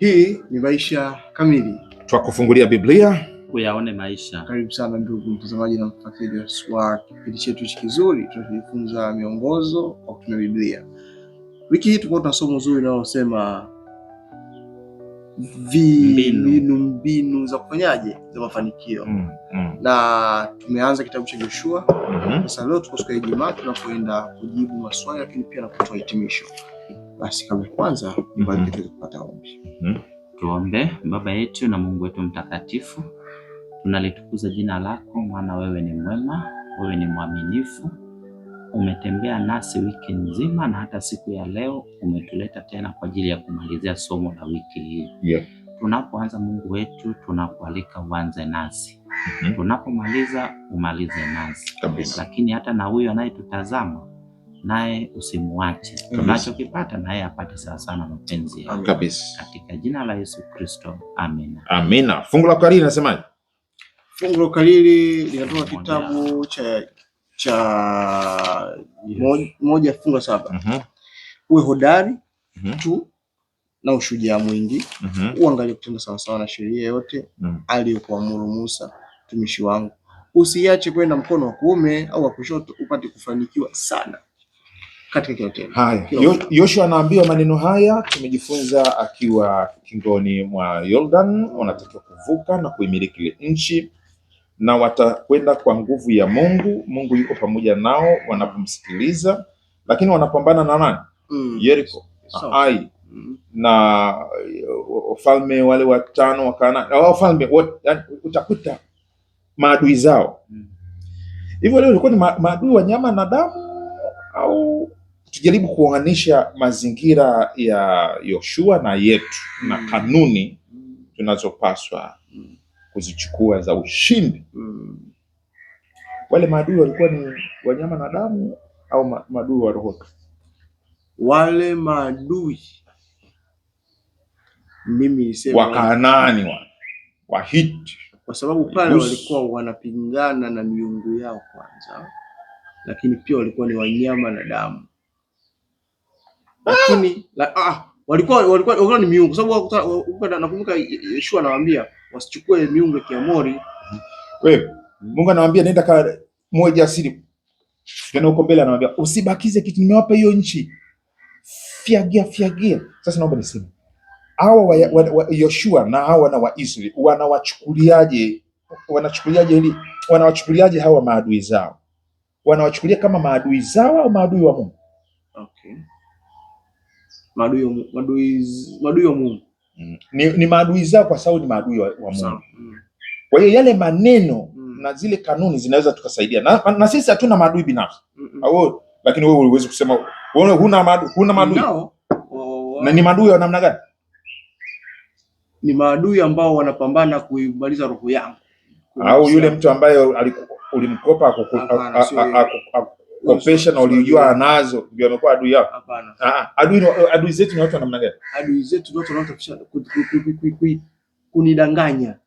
Hii ni Maisha Kamili, twakufungulia Biblia kuyaone maisha. Karibu sana ndugu mtazamaji na mfuatiliaji wa kipindi chetu hichi kizuri, tunajifunza miongozo kwa kutumia Biblia. Wiki hii tulikuwa tuna somo zuri linalosema mbinu mbinu za kufanyaje za mafanikio mm, mm. na tumeanza kitabu cha Joshua. Mhm. Sasa mm -hmm. leo tuko siku ya Ijumaa tunapoenda kujibu maswali, lakini pia na kutoa hitimisho basi kabla kwanza kupata mhm. ombi. Mhm. Tuombe. Baba yetu na Mungu wetu mtakatifu, tunalitukuza jina lako, maana wewe ni mwema, wewe ni mwaminifu. Umetembea nasi wiki nzima na hata siku ya leo umetuleta tena kwa ajili ya kumalizia somo la wiki hii yeah. Tunapoanza Mungu wetu, tunakualika uanze nasi mm -hmm. Tunapomaliza umalize nasi kabisa, lakini hata na huyo anayetutazama naye usimwache. Mm. Tunachokipata naye apate sawa sana mapenzi kabisa, katika jina la Yesu Kristo, amina. Amina. Fungu la ukariri linasemaje? Fungu la ukariri linatoka kitabu cha cha yes. moja fungu la saba. mm -hmm. Uwe hodari mm -hmm. tu na ushujaa mwingi mm -hmm. uangalie kutenda sawasawa na sheria yote mm -hmm. aliyokuamuru Musa mtumishi wangu, usiache kwenda mkono wa kuume au wa kushoto, upate kufanikiwa sana katika yote haya. Yoshua anaambiwa maneno haya, tumejifunza akiwa kingoni mwa Yordan, wanatakiwa kuvuka na kuimiliki ile nchi na watakwenda kwa nguvu ya Mungu. Mungu yuko pamoja nao wanapomsikiliza, lakini wanapambana na nani? Mm. Yeriko so. na Ai mm. na uh, wafalme wale watano wa Kanaani, ufalme uh, utakuta maadui zao mm. hivyo mm. leo ilikuwa ni maadui wa nyama na damu au tukijaribu kuunganisha mazingira ya Yoshua na yetu mm. na kanuni mm. tunazopaswa mm. kuzichukua za ushindi mm. wale maadui walikuwa ni wanyama na damu au maadui wa roho? Wale maadui mimi wa Wakanaani wa Wahiti, kwa sababu pale walikuwa wanapingana na miungu yao kwanza, lakini pia walikuwa ni wanyama na damu lakini la, ah, ah, walikuwa walikuwa walikuwa ni miungu, sababu wakuta nakumbuka Yeshua anawaambia wasichukue miungu ya Kiamori. Wewe Mungu anawaambia nenda ka moja asili tena huko mbele anawaambia usibakize kitu, nimewapa hiyo nchi, fyagia fyagia. Sasa naomba niseme hawa Yoshua na hawa wana wa Israeli wanawachukuliaje? Wanachukuliaje ili Wanawachukuliaje hawa maadui zao? Wanawachukulia kama maadui zao au maadui wa Mungu? Okay maadui maadui wa Mungu mm. ni, ni maadui zao kwa sababu ni maadui wa, wa Mungu mm. Kwa hiyo yale maneno mm. na zile kanuni zinaweza tukasaidia na, na sisi hatuna maadui binafsi mm -mm. lakini wewe uliwezi kusema wewe huna maadui, huna maadui no. na ni maadui wa namna gani? Ni maadui ambao wanapambana kuimaliza roho yangu, au yule mtu ambaye ulimkopa kopesha na ulijua anazo ndio amekuwa adui yako? Hapana. Ah, ah. adui adui zetu ni watu wa namna gani? Adui zetu ni watu wanaotaka kunidanganya.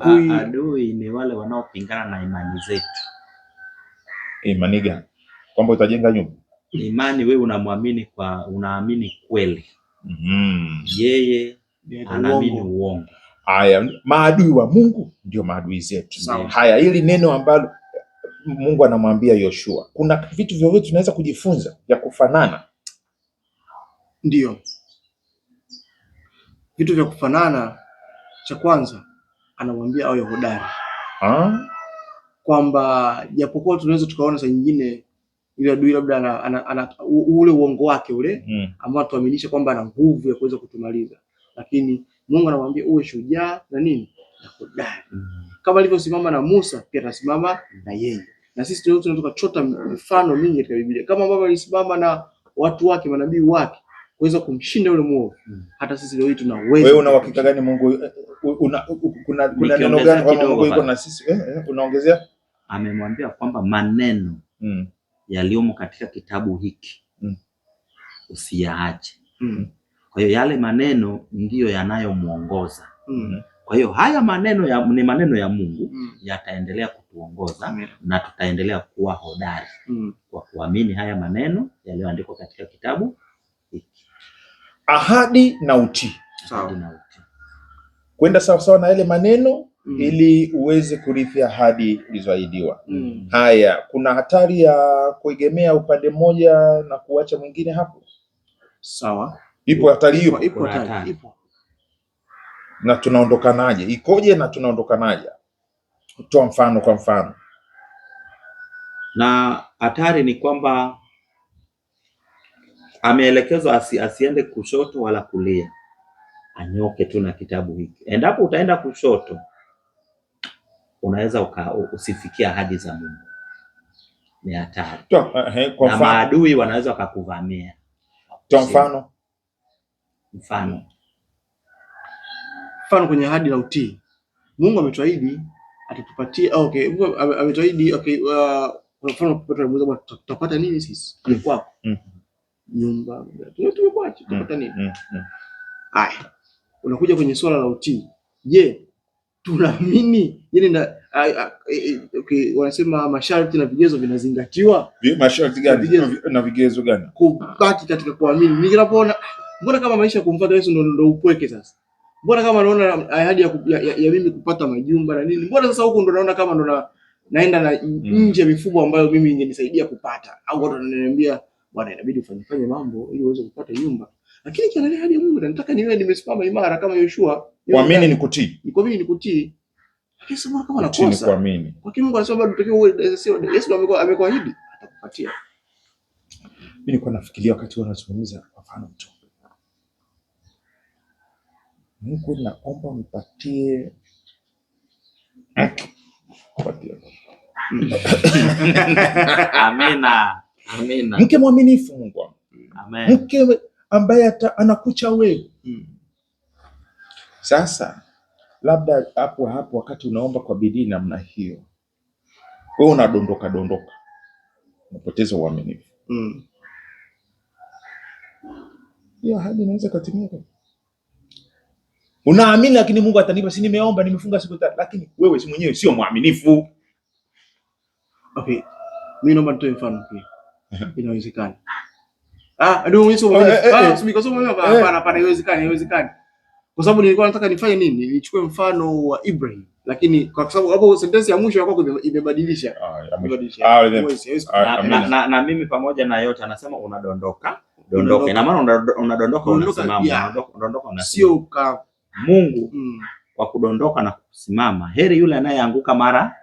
Adui ni wale wanaopingana na imani zetu. Eh, imani gani? Kwamba utajenga nyumba? Imani wewe unamwamini kwa unaamini kweli. Mm. Yeye anaamini uongo. Haya, maadui wa Mungu ndio maadui zetu. Haya, hili neno ambalo Mungu anamwambia Yoshua. Kuna vitu vyovyote tunaweza kujifunza vya kufanana? Ndiyo, vitu vya kufanana. Cha kwanza anamwambia awe hodari, kwamba japokuwa tunaweza tukaona saa nyingine ile adui labda ule uongo wake ule mm, ambao tuaminisha kwamba ana nguvu ya kuweza kutumaliza, lakini Mungu anamwambia uwe shujaa na nini na hodari. Mm, kama alivyosimama na Musa, pia atasimama na yeye na sisi leo tunaweza kuchota mfano mingi katika Biblia kama ambavyo alisimama na watu wake manabii wake kuweza kumshinda yule mwovu. Mm. Hata sisi leo hii tunaweza. Wewe una uhakika gani Mungu eh, una kuna kuna neno gani kwa Mungu yuko na sisi? Eh, eh, unaongezea amemwambia kwamba maneno mm. yaliyomo katika kitabu hiki mm. usiyaache mm. Kwa hiyo yale maneno ndiyo yanayomwongoza mm. Kwa hiyo haya maneno ya, ni maneno ya Mungu mm. yataendelea kutuongoza na tutaendelea kuwa hodari mm. kwa kuamini haya maneno yaliyoandikwa katika kitabu hiki. Ahadi na utii, ahadi na utii, kwenda sawasawa na yale maneno mm. ili uweze kurithi ahadi ulizoahidiwa mm. Haya, kuna hatari ya kuegemea upande mmoja na kuacha mwingine hapo? Sawa, ipo hatari hiyo, ipo hatari, ipo na tunaondokanaje? Ikoje na tunaondokanaje? kutoa mfano kwa mfano, na hatari ni kwamba ameelekezwa asi, asiende kushoto wala kulia, anyoke tu na kitabu hiki. Endapo utaenda kushoto, unaweza uka, usifikia ahadi za Mungu. Ni hatari eh, eh, na maadui wanaweza wakakuvamia. Kwa mfano mfano mfano kwenye ahadi la utii, Mungu ametuahidi atatupatia oh, okay, ametuahidi okay, kwa mfano tutapata nini sisi? Alikuwa mm. mm. nyumba tumekuacha, mm. tutapata nini? Haya, unakuja kwenye swala la utii. Je, tunaamini yani na e, e, okay, wanasema masharti na vigezo vinazingatiwa? Masharti gani na vigezo gani? Kubaki katika kuamini. Ninapoona mbona kama maisha kumfuata Yesu ndio upweke sasa Mbona kama naona ahadi ya, ya, ya, ya mimi kupata majumba na nini? Mbona sasa huku ndo naona kama ndo naenda na mm. nje mifumo ambayo mimi ingenisaidia kupata au watu wananiambia bwana, inabidi ufanye mambo ili uweze kupata nyumba. Lakini kiangalia hadi Mungu, nataka niwe nimesimama imara kama Yoshua. Kuamini ni kutii. Ni kuamini ni kutii. Lakini Akisema kama nakosa. Ni kuamini. Kwa kimungu anasema bado tutakiwa uwe sio Yesu amekuwa amekuahidi atakupatia. Mimi nilikuwa nafikiria wakati wanazungumza kwa mfano mtu Mungu naomba mpatie Amina. Amina. Mke mwaminifu Mungu Amen. Mke ambaye anakucha wewe. Mm. Sasa labda hapo hapo wakati unaomba kwa bidii namna hiyo, wewe unadondoka dondoka, unapoteza uaminifu. mm. Hiyo ahadi inaweza katimia. Unaamini lakini Mungu atanipa, si nimeomba, nimefunga siku tatu, lakini wewe si mwenyewe sio mwaminifu. Okay. Mimi naomba nitoe mfano pia. Inawezekana. Ah, ndio mwisho eh, wa eh, eh. ah, simiko somo hapa hapana, hapana, haiwezekani, haiwezekani. Kwa sababu nilikuwa nataka nifanye nini? Nichukue mfano wa Ibrahim, lakini kwa sababu hapo sentensi ya mwisho yako imebadilisha. Na mimi pamoja na yote anasema unadondoka. Dondoka. Ina maana unadondoka unasimama, unadondoka unasimama. Sio ka Mungu mm. kwa kudondoka na kusimama. Heri yule anayeanguka mara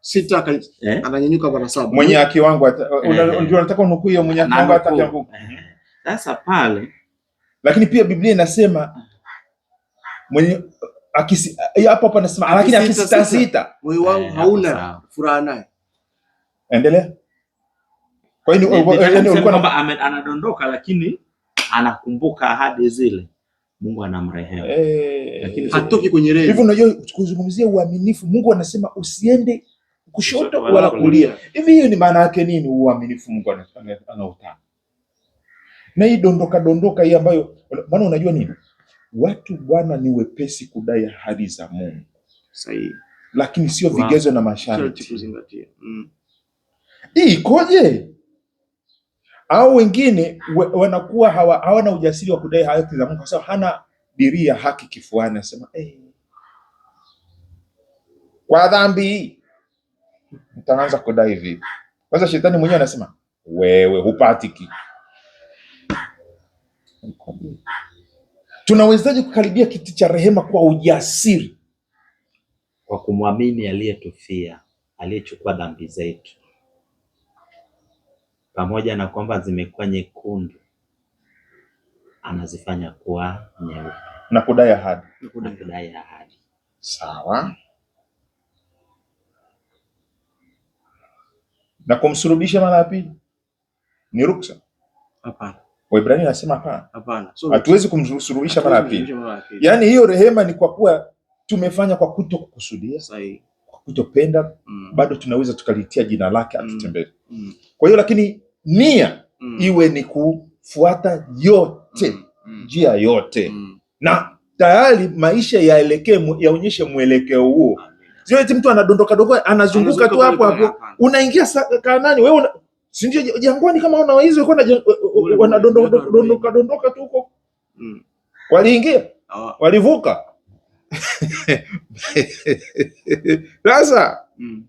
sita eh? ananyanyuka mara saba. Mwenye haki wangu eh, eh. ndio nataka unukuu hiyo, mwenye haki wangu atakianguka. Eh, Sasa pale, lakini pia Biblia inasema mwenye hapo hapo anasema lakini sita moyo wangu hauna furaha naye. Endelea. Kwa hiyo anadondoka, lakini anakumbuka ahadi zile Mungu anamrehemu. Eh, lakini hatoki kwenye reli. Hivi unajua kuzungumzia uaminifu, Mungu anasema usiende kushoto wala kulia. Hivi hiyo ni maana yake nini uaminifu Mungu anaotaka? Na hii dondoka dondoka hii ambayo maana unajua nini? Watu bwana ni wepesi kudai ahadi za Mungu. Sahihi. Lakini sio vigezo na masharti. Mm. Hii ikoje? au wengine wanakuwa hawa, hawana ujasiri wa kudai haki za Mungu kwa sababu hana diria ya haki kifuani, anasema eh, kwa dhambi nitaanza kudai hivi. Kwanza shetani mwenyewe anasema wewe hupati Tunawezaje kukaribia kiti cha rehema kwa ujasiri? Kwa kumwamini aliyetufia, aliyechukua dhambi zetu pamoja na kwamba zimekuwa nyekundu anazifanya kuwa nyeupe na kudai ahadi na kudai ahadi. Sawa. Na kumsurubisha mara ya pili ni ruksa? Hapana. Waibrania anasema hapana. Hapana. So, hatuwezi kumsurubisha mara ya pili. Yaani hiyo rehema ni kwa kuwa tumefanya kwa kuto kukusudia, sahihi, kutopenda mm. Bado tunaweza tukalitia jina lake mm. atutembee mm. Kwa hiyo lakini nia mm. iwe ni kufuata yote mm. Mm. njia mm. yote mm. na tayari maisha yaelekee yaonyeshe mwelekeo huo, sio eti mtu anadondoka dogo anazunguka tu hapo hapo, unaingia kanani wewe una, si ndio jangwani kama una hizo wanadondoka dondoka tu huko mm. waliingia oh. walivuka sasa mm.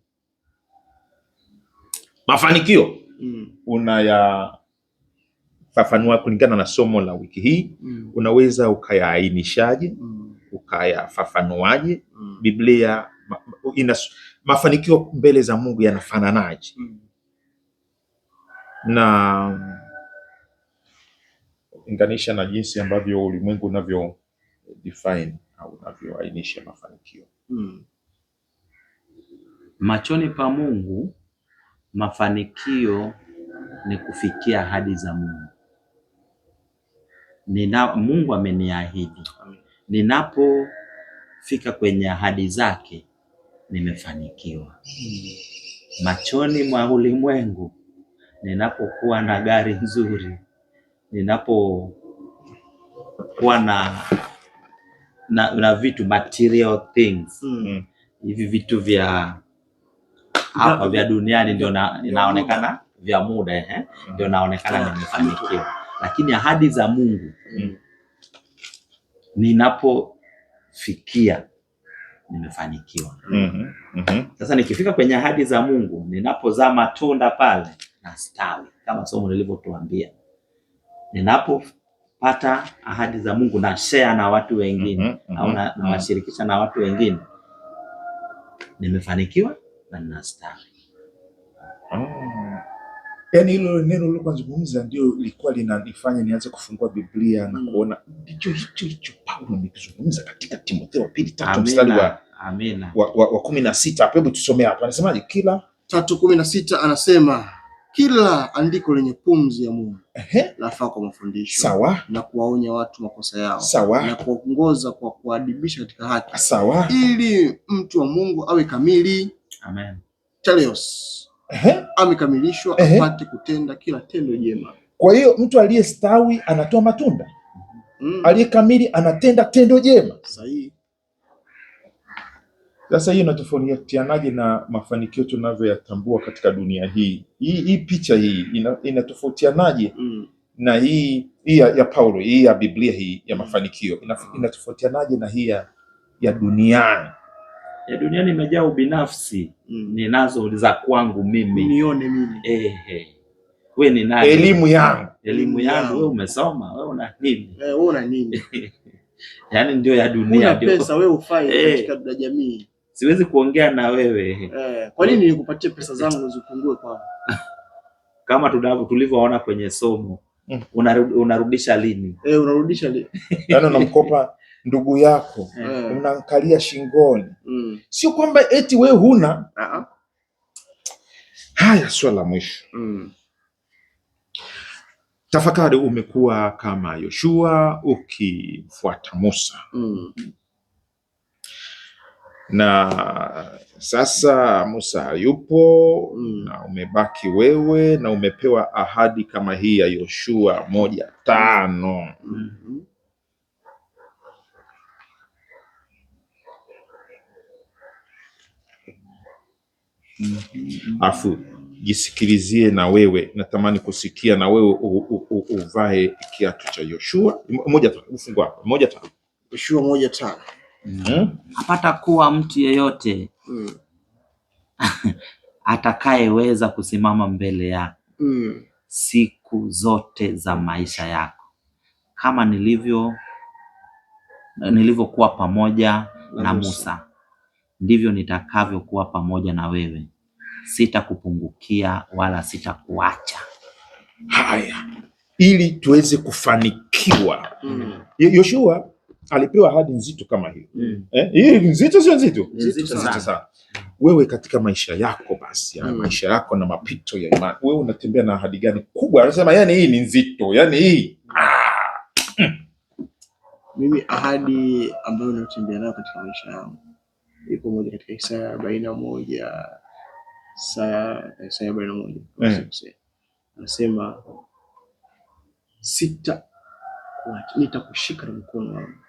mafanikio mm. unayafafanua kulingana na somo la wiki hii mm. unaweza ukayaainishaje? mm. ukayafafanuaje? mm. Biblia ma, ina mafanikio mbele za Mungu yanafananaje? mm. na inganisha na jinsi ambavyo ulimwengu unavyo eh, define au unavyoainisha mafanikio mm. machoni pa Mungu mafanikio ni kufikia ahadi za Mungu. Nina, Mungu ameniahidi, ninapofika kwenye ahadi zake nimefanikiwa. Machoni mwa ulimwengu, ninapokuwa na gari nzuri, ninapokuwa na, na, na vitu material things hmm. hivi mm, vitu vya hapa vya duniani ndio inaonekana vya muda eh, mm. ndio naonekana nimefanikiwa, mm. lakini ahadi za Mungu mm. ninapofikia nimefanikiwa. mm -hmm. Sasa nikifika kwenye ahadi za Mungu, ninapozaa matunda pale na stawi kama somo lilivyotuambia, ninapopata ahadi za Mungu na share na watu wengine mm -hmm. au nawashirikisha na, mm-hmm. na watu wengine nimefanikiwa na Oh. Yaani hilo neno ulilozungumza ndio lilikuwa linanifanya nianze kufungua Biblia na hmm. kuona ndicho hicho hicho Paulo nikizungumza katika Timotheo wa pili tatu mstari wa amina wa, wa, wa kumi na sita hapo. Hebu tusomee hapo, anasemaje? Kila tatu kumi na sita anasema kila andiko lenye pumzi ya Mungu lafaa kwa mafundisho sawa, na kuwaonya watu makosa yao sawa, na kuwaongoza kwa kuadibisha katika haki sawa, ili mtu wa Mungu awe kamili Amen. Telios amekamilishwa apate kutenda kila tendo jema. Kwa hiyo mtu aliyestawi anatoa matunda mm. Aliyekamili anatenda tendo jema. Sahihi. Sasa hii inatofautianaje na mafanikio tunavyoyatambua katika dunia hii? Hii, hii picha hii inatofautianaje mm. na hii, hii ya, ya Paulo hii ya Biblia hii ya mafanikio inatofautianaje na hii ya, ya duniani? ya duniani imejaa ubinafsi mm. Ninazo za kwangu mimi, nione mimi ehe Wewe ni nani? Elimu yangu, elimu yangu, wewe umesoma, wewe una nini? Eh, wewe una nini? yani ndio ya dunia, ndio pesa wewe ufai eh, katika jamii. Siwezi kuongea na wewe eh. Kwa nini nikupatie pesa zangu zipungue kwa Kama tulivyoona kwenye somo, mm. unarudisha lini? Eh, unarudisha lini? Yaani unamkopa ndugu yako mm. unamkalia shingoni mm. sio kwamba eti we huna uh -huh. Haya, swala la mwisho mm. Tafakari, umekuwa kama Yoshua ukimfuata Musa mm. na sasa Musa hayupo mm. na umebaki wewe na umepewa ahadi kama hii ya Yoshua moja tano mm -hmm. Alafu jisikilizie na wewe, natamani kusikia na wewe uvae kiatu cha Yoshua moja tu, ufungu hapa moja tu. Yoshua moja tano. Hmm? hapata kuwa mtu yeyote Mm. atakayeweza kusimama mbele yako Mm. siku zote za maisha yako, kama nilivyo nilivyokuwa pamoja na na Musa. Musa, ndivyo nitakavyokuwa pamoja na wewe, sitakupungukia wala sitakuacha. Haya, ili tuweze kufanikiwa mm. Yoshua alipewa ahadi nzito kama hiyo mm. eh? Hii nzito, sio nzito? Nzito sana. Wewe katika maisha yako basi ya mm. maisha yako na mapito ya imani, wewe unatembea na ahadi gani kubwa? Anasema yani hii ni nzito, yani hii ah. Mimi ahadi ambayo natembea nayo katika maisha yangu ipo moja katika Isaya arobaini na moja Isaya arobaini na moja mm. anasema sita nitakushika na mkono wangu,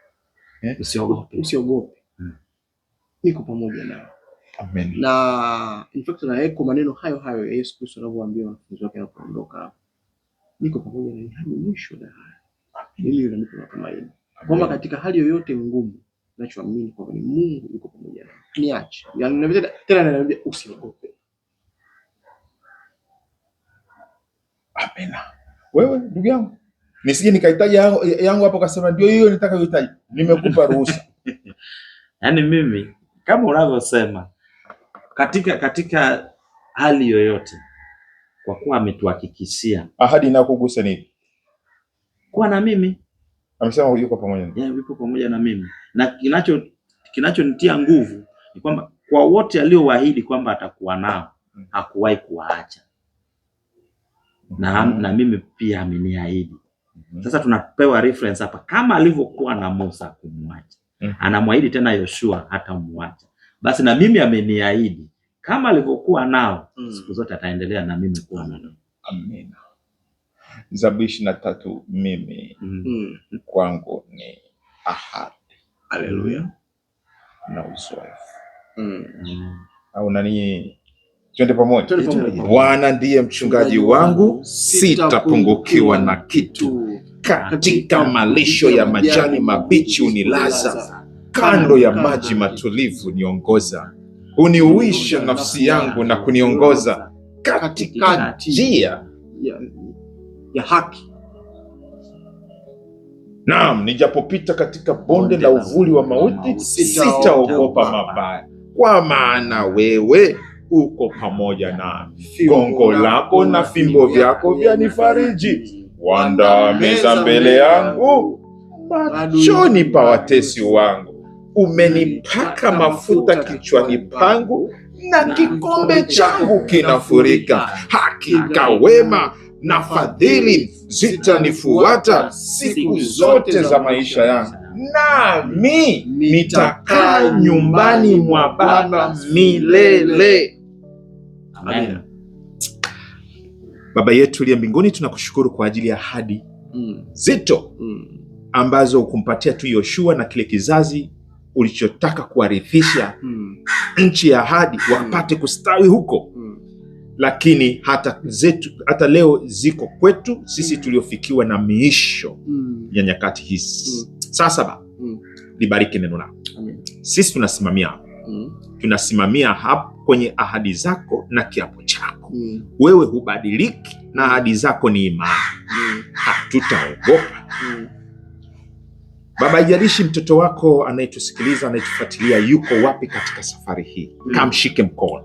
eh? usiogope, usiogope, mm. niko pamoja nawe. Amen. Na in fact naeko maneno hayo hayo ya Yesu Kristo anavyoambia wanafunzi wake anapoondoka, niko pamoja na hadi mwisho. Hili linanipa matumaini kwamba katika hali yoyote ngumu nachoamini kwamba ni Mungu yuko pamoja nami, niache yaani tena, ananiambia usiogope. Hapana, wewe ndugu yangu, nisije nikahitaji yangu yangu hapo, kasema ndio hiyo nitakayohitaji. Nimekupa ruhusa. Yaani mimi kama unavyosema, katika katika hali yoyote, kwa kuwa ametuhakikishia ahadi. Inakugusa nini kuwa na mimi Amesema yuko pamoja na yeah, yuko pamoja na mimi, na kinacho kinachonitia nguvu ni kwamba kwa wote aliowaahidi kwamba atakuwa nao mm. hakuwahi kuwaacha na, mm -hmm. na mimi pia ameniahidi. mm -hmm. Sasa tunapewa reference hapa kama alivyokuwa na Musa kumwacha. mm -hmm. Anamwahidi tena Yoshua hatamwacha, basi na mimi ameniahidi kama alivyokuwa nao mm -hmm. siku zote ataendelea na mimi kuwa nao. Amina. Zaburi ishirini na tatu mimi mm. kwangu ni ahadi Aleluya. na uzoefu mm. au nani? Twende pamoja. Bwana ndiye mchungaji wangu, sitapungukiwa na kitu. Katika malisho ya majani mabichi unilaza, kando ya maji matulivu niongoza. huniuisha nafsi yangu na kuniongoza katika njia ya haki. Naam, nijapopita katika bonde la uvuli wa mauti, sitaogopa mabaya, kwa maana wewe uko pamoja nami. Gongo lako na fimbo vyako vyanifariji. wandaameza mbele yangu machoni pa watesi wangu. Umenipaka mafuta kichwani pangu, na kikombe changu kinafurika. Hakika wema na fadhili zitanifuata siku zote za maisha yangu, nami nitakaa nyumbani mwa Baba milele. Amen. Baba yetu uliye mbinguni, tunakushukuru kwa ajili ya ahadi mm. zito mm. ambazo ukumpatia tu Yoshua na kile kizazi ulichotaka kuwarithisha mm. nchi ya ahadi, wapate mm. kustawi huko mm lakini hata zetu hata leo ziko kwetu sisi mm. tuliofikiwa na miisho mm. ya nyakati hizi mm. Sasa ba mm. libariki neno lako sisi tunasimamia mm. tunasimamia hapo kwenye ahadi zako na kiapo chako mm. Wewe hubadiliki na ahadi mm. zako ni imara mm. hatutaogopa mm. Baba, haijalishi mtoto wako anayetusikiliza anayetufuatilia yuko wapi katika safari hii, mm. kamshike mkono.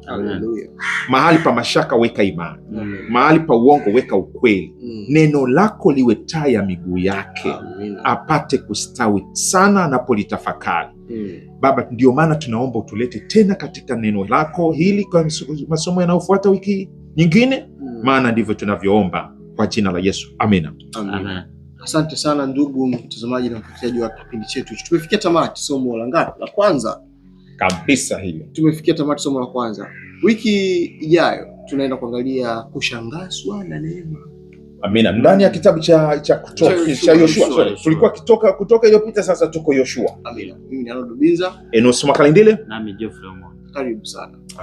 Mahali pa mashaka weka imani, mm. mahali pa uongo weka ukweli. Mm. Neno lako liwe taa ya miguu yake, apate kustawi sana anapolitafakari. Baba, ndio maana tunaomba utulete tena katika neno lako hili kwa masomo yanayofuata wiki nyingine, maana ndivyo tunavyoomba kwa jina la Yesu, amina, amina. Asante sana ndugu mtazamaji na mfuatiliaji wa kipindi chetu. Tumefikia tamati somo la ngapi? La kwanza kabisa hiyo. Tumefikia tamati somo la kwanza. Wiki ijayo tunaenda kuangalia kushangazwa na neema. Amina. Ndani ya kitabu cha cha Kutoka cha Yoshua. Tulikuwa kitoka kutoka iliyopita, sasa tuko Yoshua. Amina. Mimi ni Arnold Binza. Enos Makalindile. Nami Geoffrey Omondi. Karibu sana.